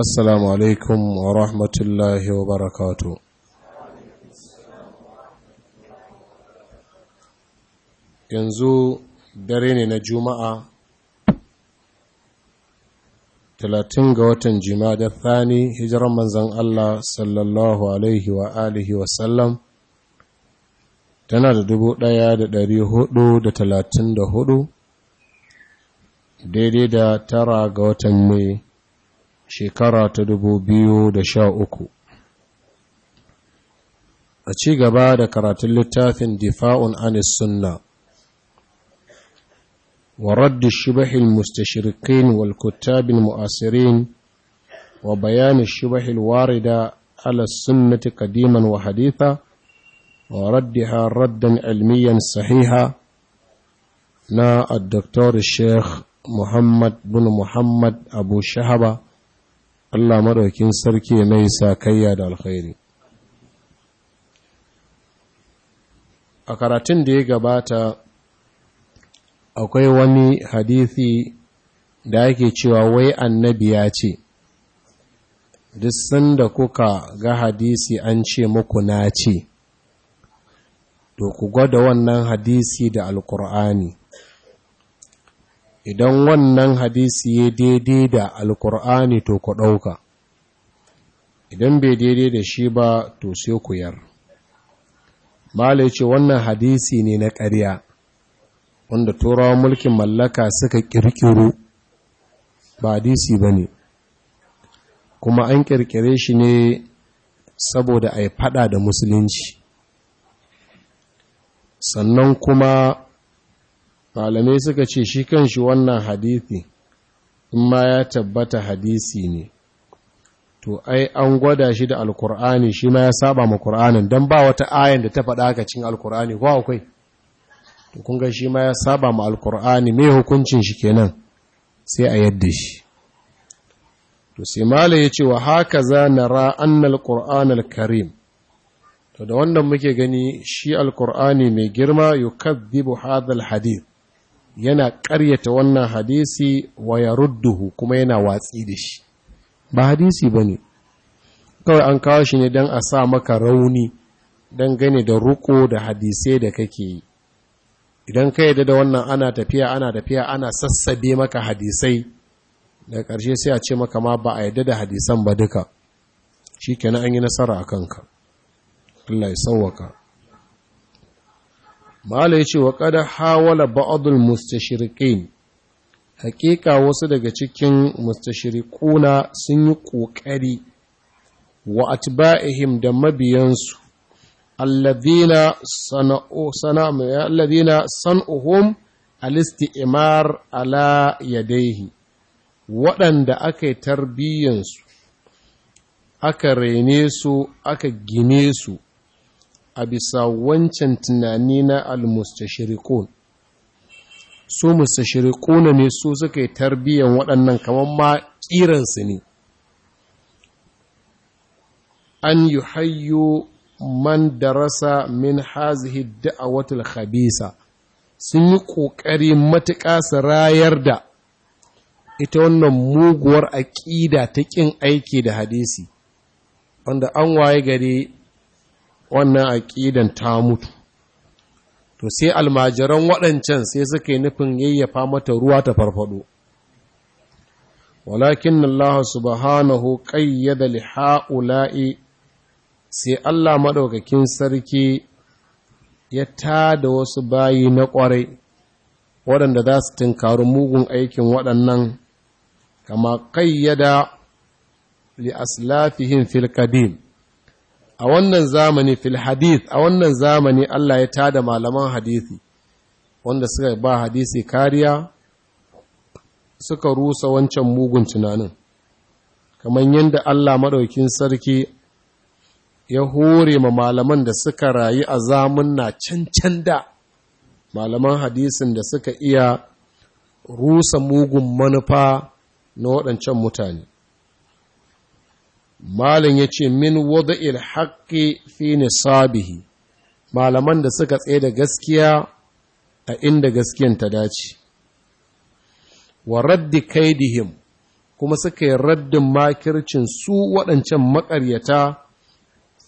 assalamu alaikum wa rahmatullahi wa barakatu yanzu dare ne na juma'a Talatin ga watan jima'a da thani hijiran manzan Allah sallallahu alaihi wa alihi wa sallam tana da dubu ɗaya da hudu da talatin hudu daidai da tara ga watan mai shekara ta dubu biyu da sha uku. a ci gaba da karatun littafin difa'un anis sunna wa raddi shubahil mustashirikin wal kuttabin mu'asirin wa bayanin shubahil warida ala sunnati kadiman wa haditha wa raddiha raddan ilmiyan sahiha na الدكتور الشيخ muhammad bin muhammad Abu-Shahaba. Allah maɗaukin sarki mai sakayya da alkhairi a karatun da ya gabata akwai wani hadithi da ake cewa wai annabi ya ce duk sanda kuka ga hadisi an ce muku na ce to ku gwada wannan hadisi da alkur'ani idan wannan hadisi ya daidai da alkur'ani to ku ɗauka idan bai daidai da shi ba to sai ku yar malai ce wannan hadisi ne na ƙarya wanda turawan mulkin mallaka suka ƙirƙiro ba hadisi ba ne kuma an ƙirƙire shi ne saboda a yi fada da musulunci sannan kuma malamai suka ce shi kanshi wannan hadithi in ma ya tabbata hadisi ne to ai an gwada shi da alkur'ani shi ma ya saba ma kur'anin don ba wata ayan da ta faɗa ka cin alkur'ani ko akwai to kun ga shi ma ya saba ma alkur'ani mai hukuncin shi kenan sai a yadda shi to sai mala ya ce wa haka za na ra'an alkur'an alkarim to da wannan muke gani shi alkur'ani mai girma yukadhibu hadha alhadith yana ƙaryata wannan hadisi wa ya rudduhu kuma yana watsi da shi ba hadisi ba ne kawai an kawo shi ne don a sa maka rauni don gane da ruko da hadisai da kake yi idan ka yi da wannan ana tafiya ana tafiya ana sassabe maka hadisai da ƙarshe sai a ce maka ma ba a yadda da hadisan ba duka shi kenan an yi nasara a kanka Allah ya sauwaka mala ya ce wa kada hawala ba'adul mustashirikin haƙiƙa wasu daga cikin mustashirikuna sun yi ƙoƙari wa atba'ihim da mabiyansu alladhina sana'u sana'a san'uhum imar ala yadayhi waɗanda aka yi tarbiyyansu aka rene su aka gine su a bisa wancan tunani na almustashirikun su mustashirikun ne su suka yi tarbiyyan waɗannan kamar ma ƙiransu ne an yi hayyo man darasa min hazihi da'awatul khabisa sun yi ƙoƙari matuƙa su rayar da ita wannan muguwar aƙida ta ƙin aiki da hadisi wanda an waye gari wannan aƙidan ta mutu to sai almajiran waɗancan sai suka yi nufin yayyafa mata ruwa ta farfado walakin Allah subhanahu qayyada li haula'i sai Allah madaukakin sarki ya tada wasu bayi na ƙwarai waɗanda za su tunkari mugun aikin waɗannan kama ƙayyada li aslafihim fil a wannan zamani fil hadith a wannan zamani Allah ya tada malaman hadisi, wanda suka ba hadisi kariya suka rusa wancan mugun tunanin kamar yadda Allah maɗaukin sarki ya hore ma malaman da suka rayu a na cancan da malaman hadisin da suka iya rusa mugun manufa na waɗancan mutane malin ya ce min wada haƙƙi fi nisabihi malaman da suka tsaye da gaskiya a inda gaskiyan ta dace wa raddi kaidihim kuma suka yi raddin makircin su waɗancan maƙaryata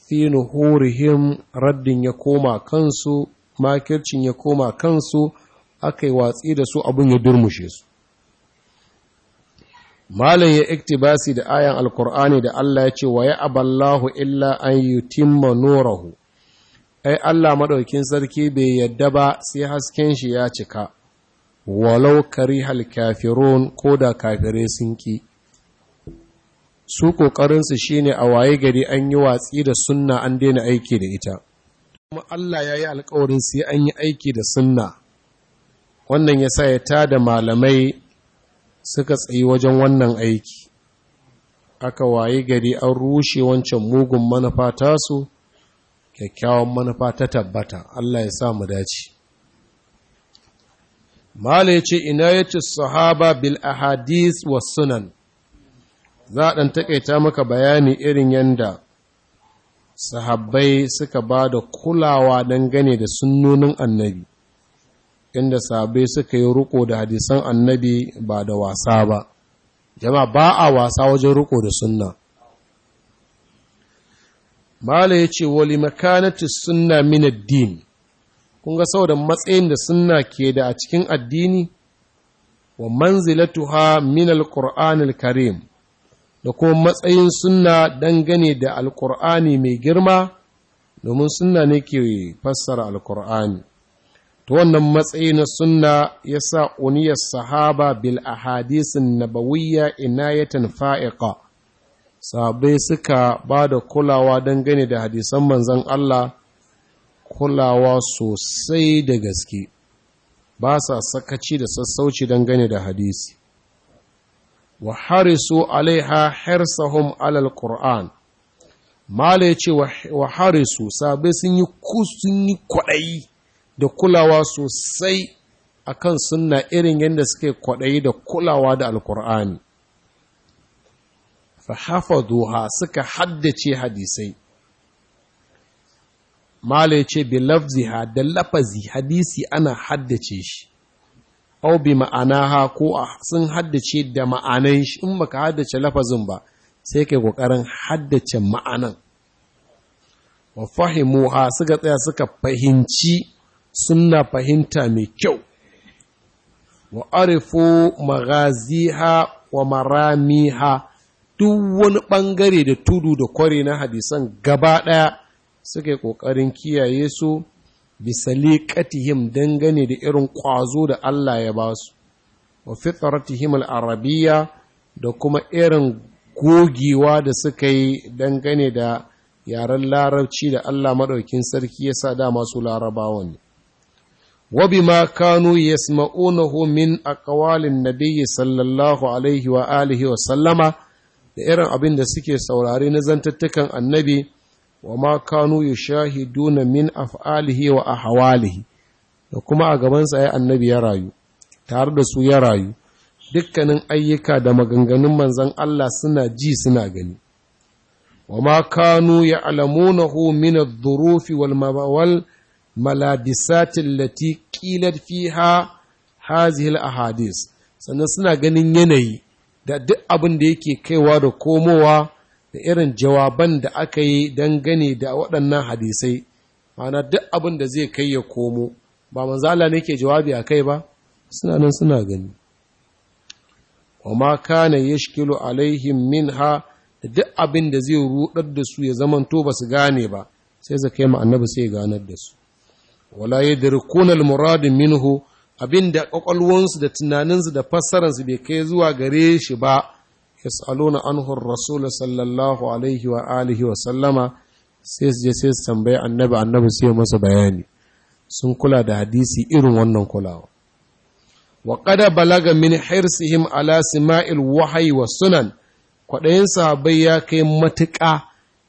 fi nuhurihim raddin ya koma kansu makircin ya koma kansu aka yi watsi da su abin ya durmushe su malam ya iktibasi da ayan alkur'ani da Allah ya ce wa ya aballahu illa an yutimma nurahu ai Allah maɗaukin sarki bai yadda ba sai hasken shi ya cika walau karihal ko da kafirai sun ki su shi shine a waye gari an yi watsi da sunna an daina aiki da ita kuma Allah ya yi alkawarin sai an yi aiki da sunna wannan ya sa ya tada malamai suka tsayi wajen wannan aiki aka waye gari an rushe wancan mugun manufa tasu kyakkyawan manufa ta tabbata Allah ya sa mu dace mala yace inayatu sahaba bil ahadith was sunan za ɗan taƙaita maka bayani irin yanda sahabbai suka ba da kulawa dangane da sunnonin annabi inda sabai suka yi ruko da hadisan annabi ba da wasa ba jama ba a wasa wajen ruko da sunna mala ya ce wali makanati sunna min addini kun ga saboda matsayin da sunna ke da a cikin addini wa manzilatuha min alqur'anil karim da kuma matsayin sunna dangane da alqur'ani mai girma domin sunna ne ke fassara alqur'ani to wannan matsayi na sunna ya sa uniyar sahaba bil ahadisin nabawiyya inayatan fa’iƙa sabai suka ba da kulawa dangane da hadisan manzon Allah kulawa sosai da gaske ba sa sakaci da sassauci dangane da hadisi wa harisu alaiha hirsahum alal qur'an mala yace wa harisu sabai sun yi kwaɗayi da kulawa sosai a kan sunna irin yadda suke kwaɗayi da kulawa da alkur'ani fahafaduha suka haddace hadisai mala ya ce bi da lafazi hadisi ana haddace shi au bi ha ko sun haddace da ma'anan shi in baka haddace lafazin ba sai kai kokarin haddace ma'anan wa ha suka tsaya suka fahimci suna fahimta mai kyau wa arifu ha wa ha duk wani ɓangare da tudu da kware na hadisan gaba ɗaya suke ƙoƙarin kiyaye su bisa liƙatihim dangane da irin ƙwazo da Allah ya ba su wa fitratihim al'arabiya da kuma irin gogewa da suka yi dangane da yaren larabci da Allah maɗaukin sarki ya sa dama su larabawan ne wa bima kanu yasma'unahu min aqwalin nabiyyi sallallahu alaihi wa wa sallama da irin abin da suke saurari na zantattukan annabi wa ma kanu yushahiduna min af'alihi wa ahwalihi da kuma a gaban sa ya annabi ya rayu tare da su ya rayu dukkanin ayyuka da maganganun manzon Allah suna ji suna gani wa ma kanu ya'lamunahu min ad-durufi wal maladisatin lati ƙilar fiha hazihil ahadis sannan suna ganin yanayi da duk abin da yake kaiwa da komowa da irin jawaban da aka yi don gani da waɗannan hadisai ma'ana duk abin da zai kai ya komo ba manzala ne ke jawabi a kai ba suna nan suna gani wama kana shikilo alaihim ha da duk abin da zai rudar da su ya zamanto ba su gane ba sai zakai kai ma annabi sai ganar da su wala yadrikuna al muradin minhu abinda kwakwalwansu da tunaninsu da fassararsu bai kai zuwa gare shi ba yas'aluna anhu ar-rasul sallallahu alaihi wa alihi wa sallama sai su je sai su tambaye annabi annabi sai masa bayani sun kula da hadisi irin wannan kulawa wa qada balaga min hirsihim ala sima'il wahyi wa sunan kwaɗayin sahabbai ya kai matuƙa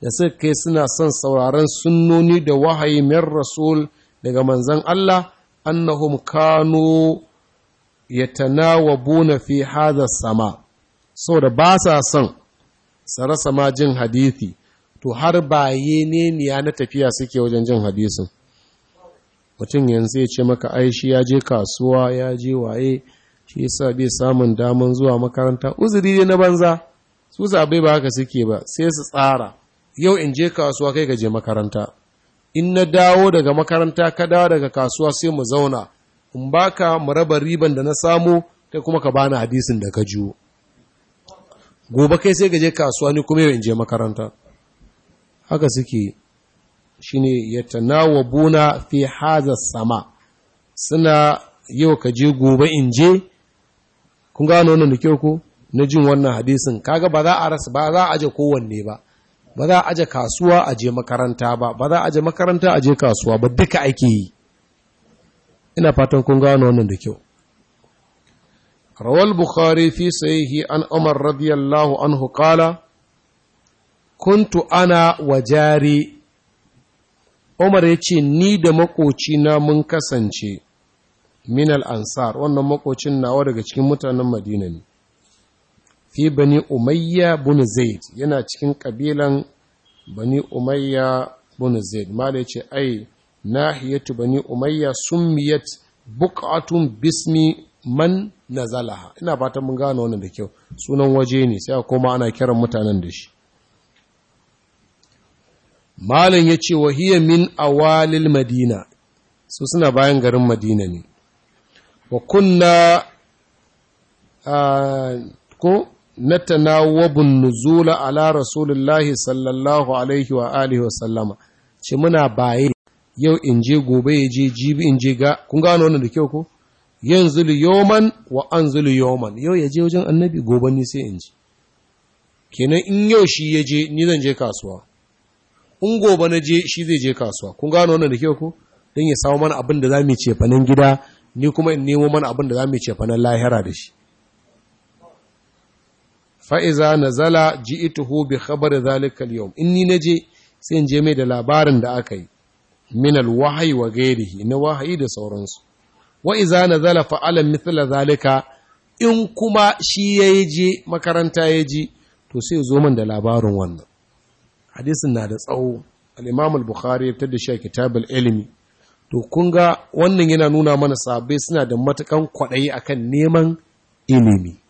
da suka kai suna son sauraron sunnoni da wahayi min rasul daga manzan Allah annahum kanu yatanawabuna fi hadha sama da ba sa son sara sama jin hadisi to har baye ne ya na tafiya suke wajen jin hadisin mutum yanzu ya ce maka ai shi ya je kasuwa ya je waye shi yasa bai samun daman zuwa makaranta uzuri ne na banza su sabai ba haka suke ba sai su tsara yau in je kasuwa kai ka je makaranta in na dawo daga makaranta ka dawo daga kasuwa sai mu zauna in baka mu raba riban da na samu kai kuma ka bani hadisin da ka jiwo gobe kai sai gaje kasuwa ni kuma yau in je makaranta haka suke shine yatanawabuna fi hadha sama suna yau ka je gobe in je kun gano wannan da kyau ko na jin wannan hadisin kaga ba za a rasa ba za a je kowanne ba ba za a aje kasuwa a je makaranta ba ba za a aje makaranta a je kasuwa ba duka ake yi ina fatan kun gano wannan da kyau rawal bukhari fi sahihi an umar radiyallahu anhu qala kuntu ana wa jari umar ya ce ni da na mun kasance minal ansar wannan makocin nawa daga cikin mutanen madina ne fi bani umayya bin zaid yana cikin kabilan bani umayya bin zaid mala yace ai nahiyatu bani umayya summiyat buq'atun bismi man nazalaha ina fatan mun gano wannan da kyau sunan waje ne sai kuma ana kiran mutanen da shi malam yace wa hiya min awalil madina su suna bayan garin madina ne wa kunna ko na nuzula ala rasulullahi sallallahu alaihi wa alihi wa sallama ce muna baye yau in je gobe ya je jibi in je ga kun gano wannan da kyau ko yanzu yoman wa anzulu yoman yau ya je wajen annabi gobe ni sai in ji kenan in yau shi ya je ni zan je kasuwa in gobe na je shi zai je kasuwa kun gano wannan da kyau ko dan ya samu mana abin da zamu ce fanan gida ni kuma in nemo mana abin da zamu ce fanan lahira da shi fa'iza na zala ji ituhu bi khabar zalikal yau in ni na je sai in je mai da labarin da aka yi minal wahayi wa gairihi na wahayi da sauransu wa'iza na zala fa'alan mithila zalika in kuma shi ya yi je makaranta ya ji to sai zo man da labarin wannan hadisin na da tsawo al'imam al-bukhari ya fitar da shi a kitabar ilimi to kun ga wannan yana nuna mana sabai suna da matukan kwaɗayi akan neman ilimi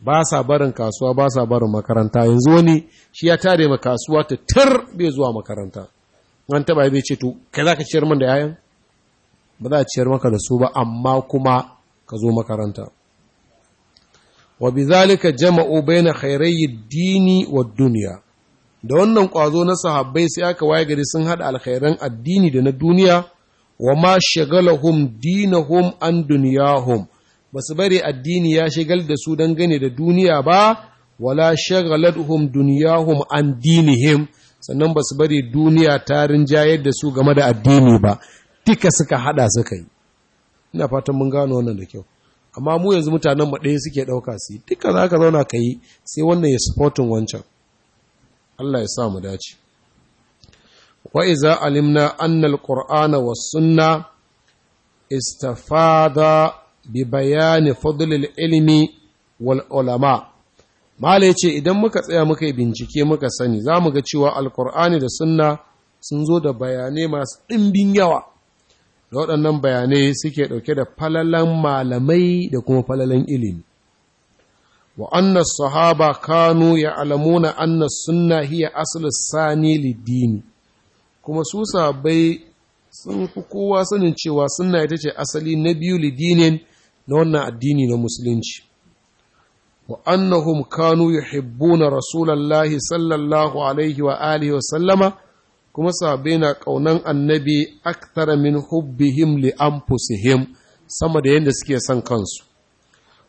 ba sa barin kasuwa ba sa barin makaranta yanzu wani shi ya tare ma kasuwa ta tar bai zuwa makaranta an taba bai ce to kai za ka ciyar man da yayan ba za a ciyar maka da su ba amma kuma ka zo makaranta wa bizalika jama'u baina khairai dini wa duniya da wannan kwazo na sahabbai sai aka waye gari sun hada alkhairan addini da na duniya wa ma shagalahum dinahum an duniyahum ba su bari addini ya shigar da su dangane da duniya ba wala duniya duniyahum an dinihim sannan ba su bari duniya ta rinjayar da su game da addini ba duka suka hada suka yi ina fatan mun gano wannan da kyau amma mu yanzu mutanen mu ɗaya suke ɗauka su yi, duka za ka zauna ka yi sai wannan ya supportin wancan Allah ya sa mu dace wa iza alimna annal qur'ana was sunna istafada bi bayani fadlil ilmi wal'ulama. ulama mala yace idan muka tsaya muka yi bincike muka sani za mu ga cewa alkur'ani da sunna sun zo da bayanai masu ɗimbin yawa da waɗannan bayanai suke ɗauke da falalan malamai da kuma falalan ilimi wa anna sahaba kanu ya alamuna anna sunna hiya asalin sani lidini kuma su sabai sun fi kowa sanin cewa sunna ita ce asali na biyu lidinin na wannan addini na musulunci wa annahum kanu yuhibbuna rasulullahi sallallahu alaihi wa alihi wa sallama kuma sahabbai na kaunan annabi akthara min hubbihim li anfusihim sama da yadda suke son kansu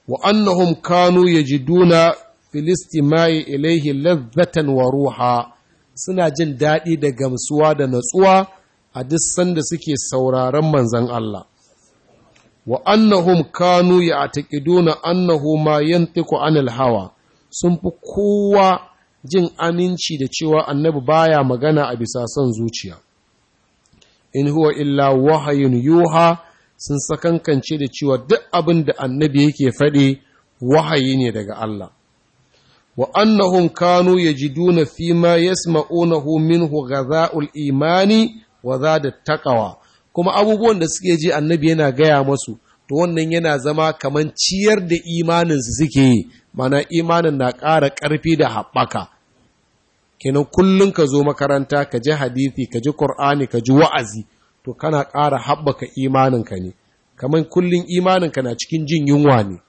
wa annahum kanu yajiduna filistimai ilaihi lazzatan wa ruha suna jin daɗi da gamsuwa da natsuwa a duk sanda suke sauraron manzon Allah wa annahum kanu ya atakiduna annahu ma yantiku anil hawa sun fi kowa jin aminci da cewa annabi baya magana a bisa son zuciya in huwa illa wahayin yuha sun sakankance da cewa duk abin da annabi yake faɗi wahayi ne daga Allah wa annahum kanu yajiduna fi ma yasma'unahu minhu ghadha'ul imani wa zada taqwa kuma abubuwan da suke ji annabi yana gaya masu to wannan yana zama kamar ciyar da imaninsu suke yi mana imanin na ƙara ƙarfi da haɓaka kenan kullum ka zo makaranta ka ji hadithi ka ji ƙur'ani ka ji wa'azi to kana ƙara haɓaka imanin ka ne kamar kullum ka na cikin jin yunwa ne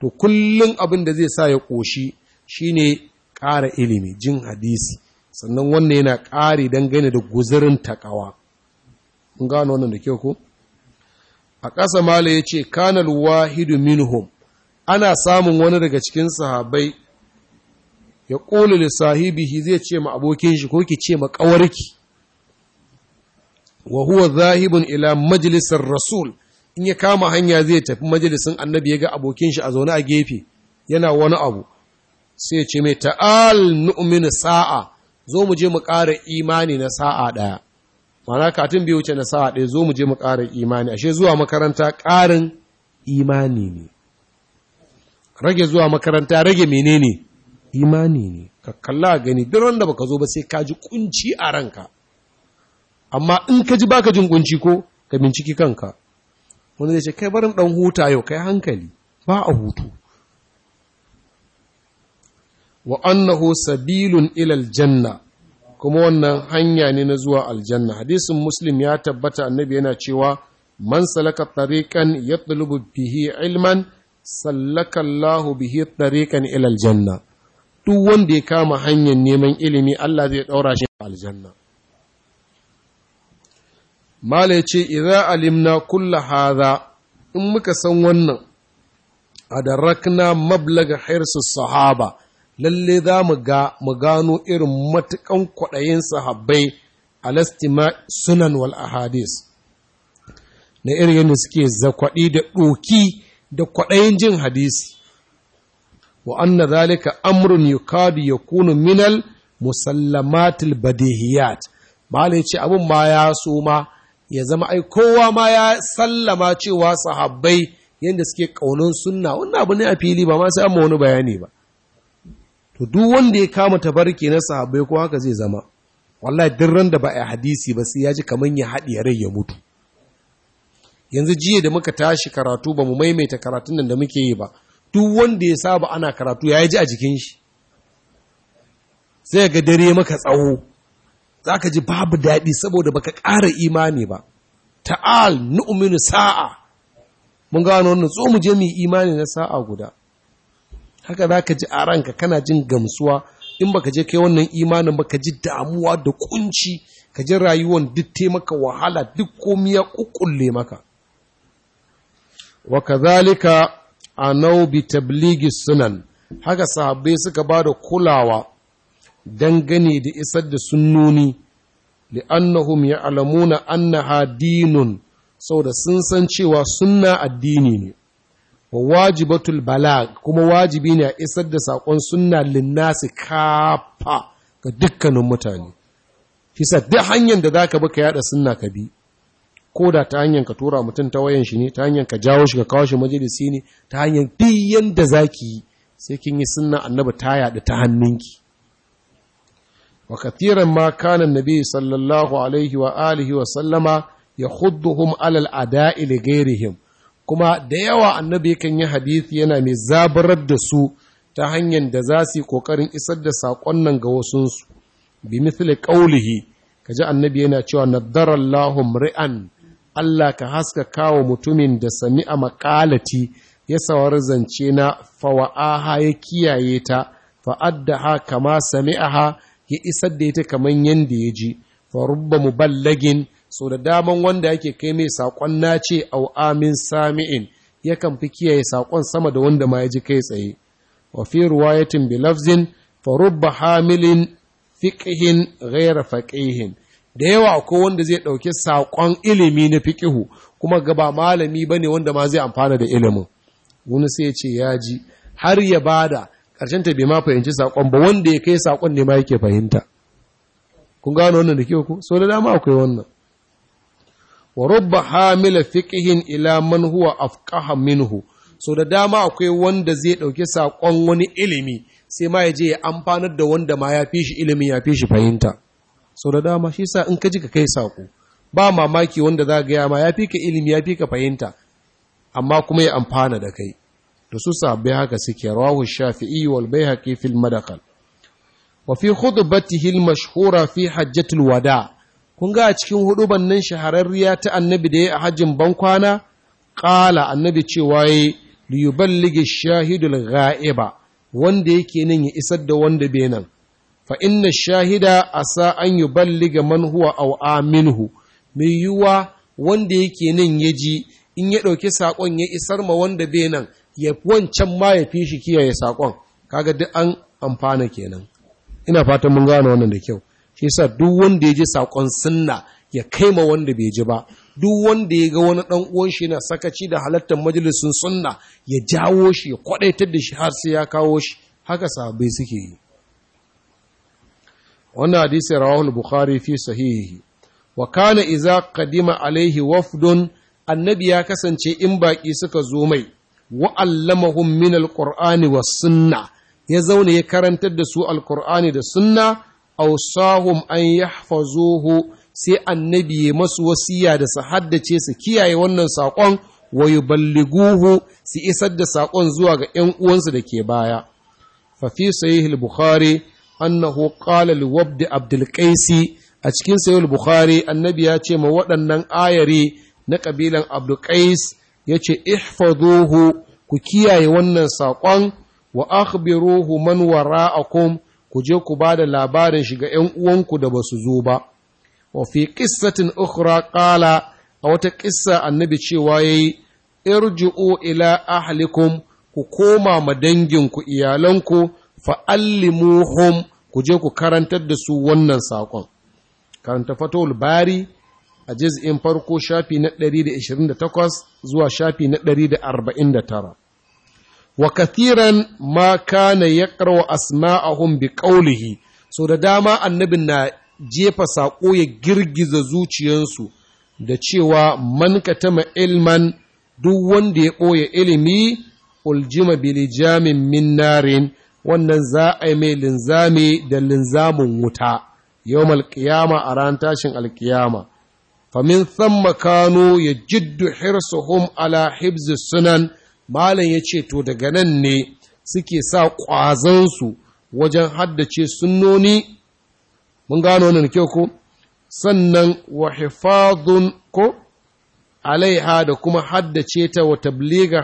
to kullum abin da zai sa ya ƙoshi shine ƙara ilimi jin hadisi sannan wannan yana ƙari dangane da guzurin takawa kun gano wannan da kyau ko a ƙasa mala ya ce kanal wahidu minhum ana samun wani daga cikin sahabai ya ƙoli da sahibihi zai ce ma abokin shi ko ki ce ma ƙawarki wa huwa zahibun ila majalisar rasul in ya kama hanya zai tafi majalisin annabi ya ga abokin shi a zaune a gefe yana wani abu sai ce mai ta'al nu'minu sa'a zo mu je mu ƙara imani na sa'a ɗaya mana katin bai wuce na sa'a ɗaya zo mu je mu ƙara imani ashe zuwa makaranta ƙarin imani ne rage zuwa makaranta rage menene imani ne ka kalla gani duk wanda baka zo ba sai ka ji kunci a ranka amma in ka ji baka jin kunci ko ka binciki kanka wani zai ce kai barin ɗan huta yau kai hankali ba a hutu wa annahu sabilun ilal janna kuma wannan hanya ne na zuwa aljanna hadisin muslim ya tabbata annabi yana cewa man salaka tariqan yatlubu bihi ilman sallaka Allahu bihi tariqan ila aljanna duk wanda ya kama hanyar neman ilimi Allah zai daura shi aljanna mala yace idza alimna kullu hadha in muka san wannan adarakna mablaga hirsus sahaba lalle za mu ga mu gano irin matukan kwaɗayin sahabbai a lastima sunan wal ahadis na irin yadda suke zakwaɗi da ɗoki da kwaɗayin jin hadisi wa anna zalika amrun yukadu yakunu minal musallamatil badihiyat mala yace abun ma ya so ma ya zama ai kowa ma ya sallama cewa sahabbai yadda suke ƙaunin sunna wannan abu ne a fili ba ma sai an wani bayani ba to duk wanda ya kama tabarki na sahabbai ko haka zai zama wallahi duk ran da ba a hadisi ba sai ya ji kaman ya ya rai ya mutu yanzu jiya da muka tashi karatu ba mu maimaita karatun nan da muke yi ba duk wanda ya saba ana karatu ya ji a jikin shi sai ga dare maka tsawo za ka ji babu daɗi saboda baka ƙara imani ba ta'al nu'minu sa'a mun gano wannan tso mu je mu imani na sa'a guda haka za ka ji a ranka kana jin gamsuwa in baka je kai wannan imanin ba ka ji damuwa da kunci ka ji rayuwan duk te wahala duk komi ya kukulle maka wa a anau bi tabligi sunan haka sahabbai suka ba da kulawa dangane da isar da sunnoni li'annahum ya'lamuna annaha dinun da sun san cewa sunna addini ne wa wajibatul balag kuma wajibi ne a isar da sakon sunna linnasi kafa ga dukkanin mutane Fisa duk hanyar da zaka bi ka yada suna ka bi ko da ta hanyar ka tura mutum ta wayan shi ne ta hanyar ka jawo shi ka kawo shi majalisi ne ta hanyar duk za ki yi sai kin yi sunna annabi ta yada ta hannunki wa kathiran ma kana nabi sallallahu alaihi wa alihi wa sallama yahudduhum alal ada'i li ghairihim kuma da yawa annabi kan yi hadisi yana mai zabarar da su ta hanyar da za su yi ƙoƙarin isar da saƙon nan ga wasunsu bi mithli ƙaulihi ka ji annabi yana cewa nadarallahu mri'an Allah ka haska kawo mutumin da sami a maƙalati ya sawar zance na fawa'aha ya kiyaye ta fa'addaha kama sami'aha ya isar da ita kamar yadda ya ji fa rubba muballagin so da daman wanda yake kai mai saƙon na ce au amin sami'in yakan fi kiyaye saƙon sama da wanda ma ya ji kai tsaye wa fi ruwayatin fa farubba hamilin fiƙihin gaira faƙihin da yawa ko wanda zai ɗauki saƙon ilimi na fiƙihu kuma gaba malami ba ne wanda ma zai amfana da ilimin wani sai ce ya ji har ya bada ƙarshen ta bai ma fahimci saƙon ba wanda ya kai saƙon ne ma yake fahimta kun gano wannan da kyau ko so da dama akwai wannan wa rubba hamila fiqhin ila man huwa afqaha minhu so da dama akwai wanda zai dauki sakon wani ilimi sai ma ya je ya amfanar da wanda ma ya fi shi ilimi ya fi shi fahimta Sau da dama shi sa in ka ji ka kai sako ba mamaki wanda za ga ma ya fi ka ilimi ya fi ka fahimta amma kuma ya amfana da kai da su sabai haka suke rawahu shafi'i wal baihaqi fil madakhal wa fi khutbatihi al mashhura fi hajjatul wada' kun ga a cikin huduban nan shahararriya ta annabi da ya a hajjin bankwana ƙala annabi cewa ya liyuballigi shahidul ga'iba wanda yake nan ya isar da wanda bai nan fa inna shahida a sa an yuballiga man huwa a aminhu mai yiwuwa wanda yake nan ya ji in ya ɗauki saƙon ya isar ma wanda bai nan ya wancan ma ya fi shi kiyaye saƙon kaga duk an amfana kenan ina fatan mun gane wannan da kyau shi yasa duk wanda ya ji sakon sunna ya kai ma wanda bai ji ba duk wanda ya ga wani dan uwan shi na sakaci da halattar majalisun sunna ya jawo shi ya kwadaitar da shi har sai ya kawo shi haka sahabbai suke yi wannan hadisi rawahu bukhari fi sahihi wa kana idza qadima alaihi wafdun annabi ya kasance in baƙi suka zo mai wa allamahum min alqur'ani was sunna ya zauna ya karantar da su alqur'ani da sunna ausahum an yahfazuhu sai annabi ya masu wasiya da su haddace su kiyaye wannan saƙon wa su isar da saƙon zuwa ga 'yan uwansu da ke baya Fafi fi sahih al-bukhari annahu qala li wabd a cikin sahih al-bukhari annabi ya ce ma waɗannan ayari na ƙabilan abdulkais qais yace ihfazuhu ku kiyaye wannan saƙon wa akhbiruhu man wara'akum ku je ku ba da labarin shiga ‘yan uwanku da ba su zo ba. Wa fi ƙissatin ukhra ƙala a wata ƙisa annabi cewa ya yi, irji'u ila ahlikum ku koma ma danginku iyalanku fa'allimuhum ku je ku karantar da su wannan saƙon. Karanta fatowar bari a jiz'in farko shafi na 128 zuwa shafi na 149. wa kathiran ma kana yaqra'u asma'ahum bi qawlihi so da dama annabi na jefa saƙo ya girgiza zuciyansu da cewa man katama ilman duk wanda ya ɓoye ilimi uljima bilijamin min narin wannan za a yi mai linzami da linzamin wuta yawon alkiyama a ran tashin alkiyama famin san kano ya jiddu hirsuhum ala hibzi sunan malam ya ce to daga nan ne suke sa ƙwazansu wajen haddace sunnoni mun gano wannan kyau ko sannan wa hifadun ko alaiha da kuma haddace ta wa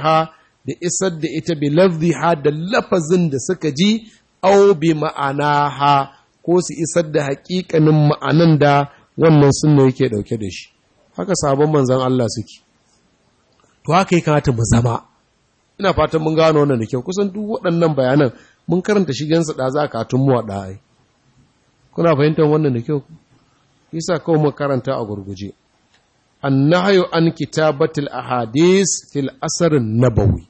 ha da isar da ita bi ha da lafazin da suka ji au bi ha, ko su isar da haƙiƙanin ma'anan da wannan sunna yake ɗauke da shi haka sabon manzan Allah suke to haka yi kamata mu zama ina fatan mun gano wannan da kyau kusan duk waɗannan bayanan mun karanta shigensa da za ka tun muwa da kuna fahimtar wannan da kyau yasa kawai mun karanta a gurguje annahyu an kitabatil ahadis fil asr nabawi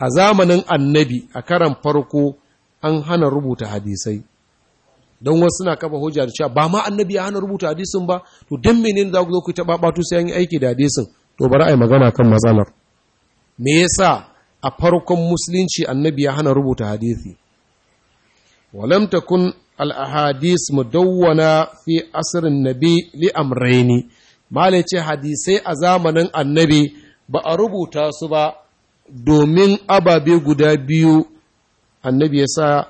a zamanin annabi a karan farko an hana rubuta hadisai don wasu suna kafa hujja da cewa ba ma annabi ya hana rubuta hadisin ba to dan menene za ku zo ku ta babatu sai an yi aiki da hadisin to bari a magana kan matsalar me yasa a farkon musulunci annabi ya hana rubuta hadisi walam takun al-ahadis mudawwana fi asrin nabi li amrayni malai ce hadisai a zamanin annabi ba a rubuta su ba domin ababe guda biyu annabi yasa sa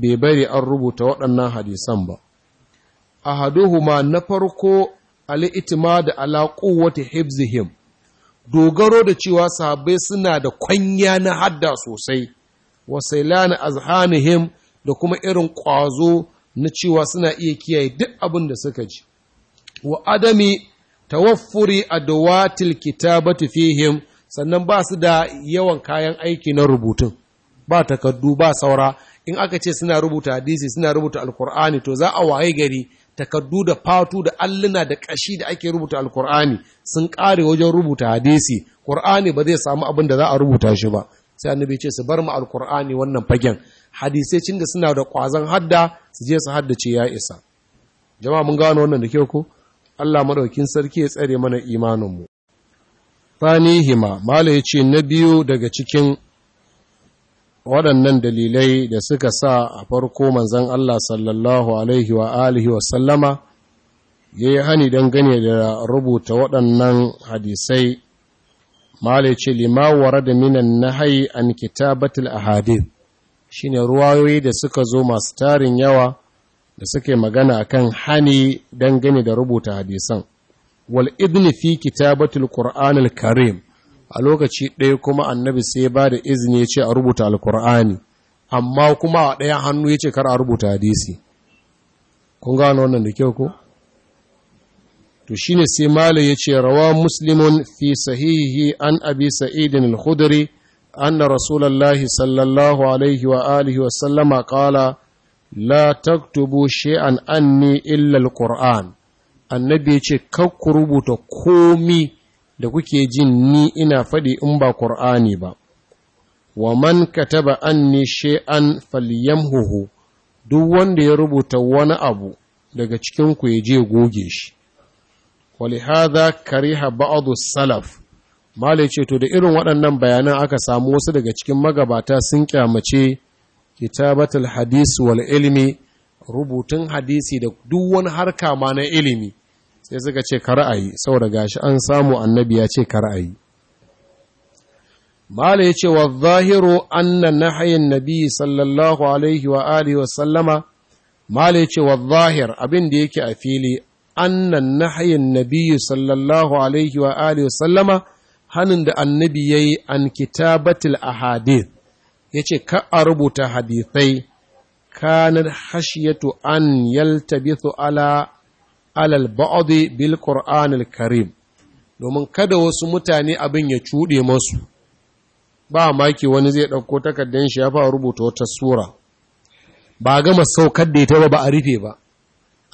bai bari an rubuta waɗannan hadisan ba ahaduhuma na farko al'itima da ala wata hibzihim dogaro da cewa sahabbai suna da kwanya na hadda sosai wasailana azhanihim da kuma irin ƙwazo na cewa suna iya kiyaye duk abin da suka ji wa adami tawaffuri adawatil kitabati fihim sannan ba su da yawan kayan aiki na rubutun ba takardu ba saura in aka ce suna rubuta hadisi suna rubuta alkur'ani to za a waye gari Takardu da fatu da alluna da ƙashi da ake rubuta alkur'ani sun ƙare wajen rubuta hadisi ƙur'ani ba zai samu abin da za a rubuta shi ba sai annabi ce su bar mu alkur'ani wannan fagen hadisai cin da suna da ƙwazon hadda su je su haddace ya isa jama'a mun gano wannan da kyau ko Allah maɗaukin sarki ya tsare mana imanin mu hima mala yace na biyu daga cikin waɗannan dalilai da suka sa a farko manzan Allah sallallahu Alaihi wa alihi wasallama ya yi hani dangane da rubuta waɗannan hadisai malice limawa da minan na hayi an kitabatul shi shine ruwayoyi da suka zo masu tarin yawa da suke magana kan hani dangane da rubuta hadisan wal idni fi kitabatul qur'anil karim a lokaci ɗaya kuma annabi sai ba da izini ya ce a rubuta alkur'ani amma kuma a ɗaya hannu ya ce kar a rubuta hadisi kun gano wannan da kyau ko to shine sai malai ya ce rawa muslimun fi sahihi an abi sa'idin al-khudri anna rasulullahi sallallahu alaihi wa alihi wa sallama qala la taktubu shay'an anni illa al-qur'an annabi ya ce kar ku rubuta komi da kuke jin ni ina faɗi in ba ƙur'ani ba wa man kataba anni shay'an huhu duk wanda ya rubuta wani abu daga cikin ku ya je goge shi walihadha kariha ba'du salaf malai ce to da irin waɗannan bayanan aka samu wasu daga cikin magabata sun kyamace kitabatul hadisi wal ilimi rubutun hadisi da duk wani harka ma na ilimi sai suka ce ka ra'ayi saboda gashi an samu annabi ya ce ka ra'ayi mala ya ce wa zahiru anna nahayin nabi sallallahu alaihi wa alihi wa sallama mala ya ce wa zahir abin da yake a fili anna nahayin nabi sallallahu alaihi wa alihi wa sallama hannun da annabi ya yi an kitabatil ahadith ya ce ka a rubuta hadithai kanar hashiyatu an yaltabithu ala alal ba'adi bil qur'anil karim domin kada wasu mutane abin ya cuɗe masu ba maki wani zai ɗauko takardar shi ya fa rubuta wata sura ba gama saukar da ita ba a rufe ba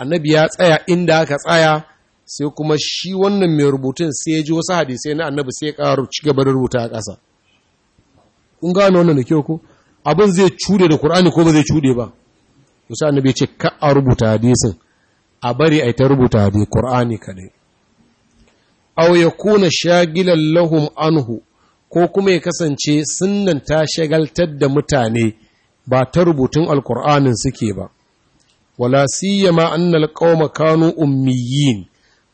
annabi ya tsaya inda aka tsaya sai kuma shi wannan mai rubutun sai ya ji wasu hadisai na annabi sai ya ƙara ci gaba da rubuta a ƙasa kun gano wannan da kyau ko abin zai cuɗe da Qur'ani ko ba zai cuɗe ba to sai annabi ya ce ka a rubuta hadisin a bari a ta rubuta da ƙur'ani kaɗai au ya kuna shagilan lahum anhu ko kuma ya kasance sunnan ta shagaltar da mutane ba ta rubutun alkur'anin suke ba wala siyama annal qauma kanu ummiyin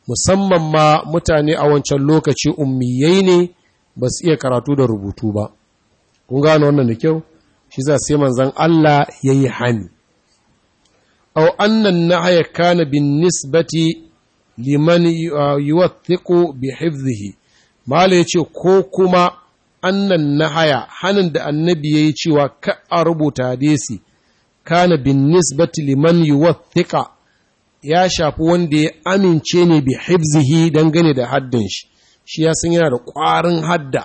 musamman ma mutane a wancan lokaci ummiyai ne ba su iya karatu da rubutu ba kun gane wannan da kyau shi za sai manzon Allah ya yi hani أو أن النهي كان بالنسبة liman yuwathiqu bi hifdhihi mala yace ko kuma annan nahaya hanin da annabi yayi cewa ka a rubuta hadisi kana bin nisbati liman yuwathiqa ya shafi wanda ya amince ne bi hifdhihi dangane da haddin shi shi ya san yana da ƙwarin hadda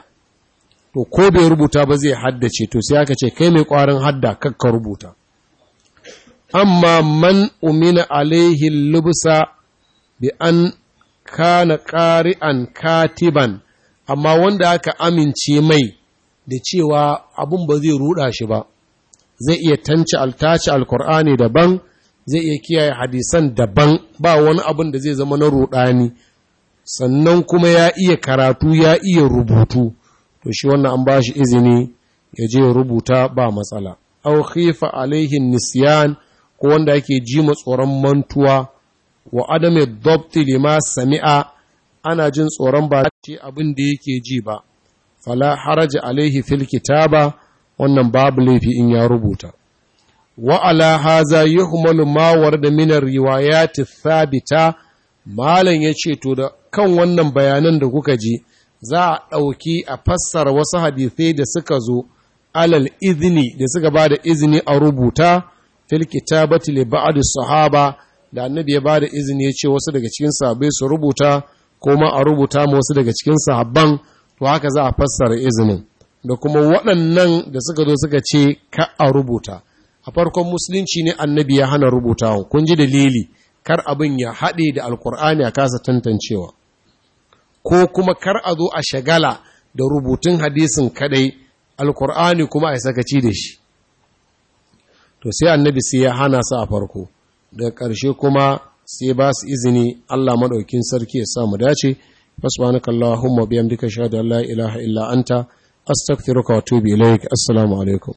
to ko bai rubuta ba zai haddace to sai aka ce kai mai ƙwarin hadda ka rubuta amma man umina alaihi lubusa bi an kana ƙari'an katiban, amma wanda aka amince mai da cewa abin ba zai ruɗa shi ba, zai iya tance altaci alkur'ani daban, zai iya kiyaye hadisan daban ba wani abin da zai zama na ruɗani, sannan kuma ya iya karatu ya iya rubutu, to shi wannan an ba shi izini ya je rubuta ba matsala. Au khifa alaihin nisyan. ko wanda yake ji tsoron mantuwa wa adame dobti lima sami'a ana jin tsoron ba ce abin da yake ji ba fala haraji alaihi fil kitaba wannan babu laifi in ya rubuta wa ala haza yuhmalu ma warda min ath thabita malam yace to da kan wannan bayanan da kuka ji za a ɗauki a fassara wasu hadisi da suka zo alal izni da suka ba da izini a rubuta fil kitabati li ba'd sahaba da annabi ya bada izini ya ce wasu daga cikin sahabbai su rubuta ko ma a rubuta ma wasu daga cikin sahabban to haka za a fassara izinin da kuma waɗannan da suka zo suka ce ka a rubuta a farkon musulunci ne annabi ya hana rubutawa kun ji dalili kar abin ya haɗe da alkur'ani a kasa tantancewa ko kuma kar a zo a shagala da rubutun hadisin kadai alkur'ani kuma a yi sakaci da shi to sai annabi sai ya hana su a farko daga ƙarshe kuma sai ba su izini Allah maɗaukin sarki ya samu dace fasbanakallahumma duka shahadu la ilaha illa anta astaghfiruka wa atubu ilaik assalamu alaikum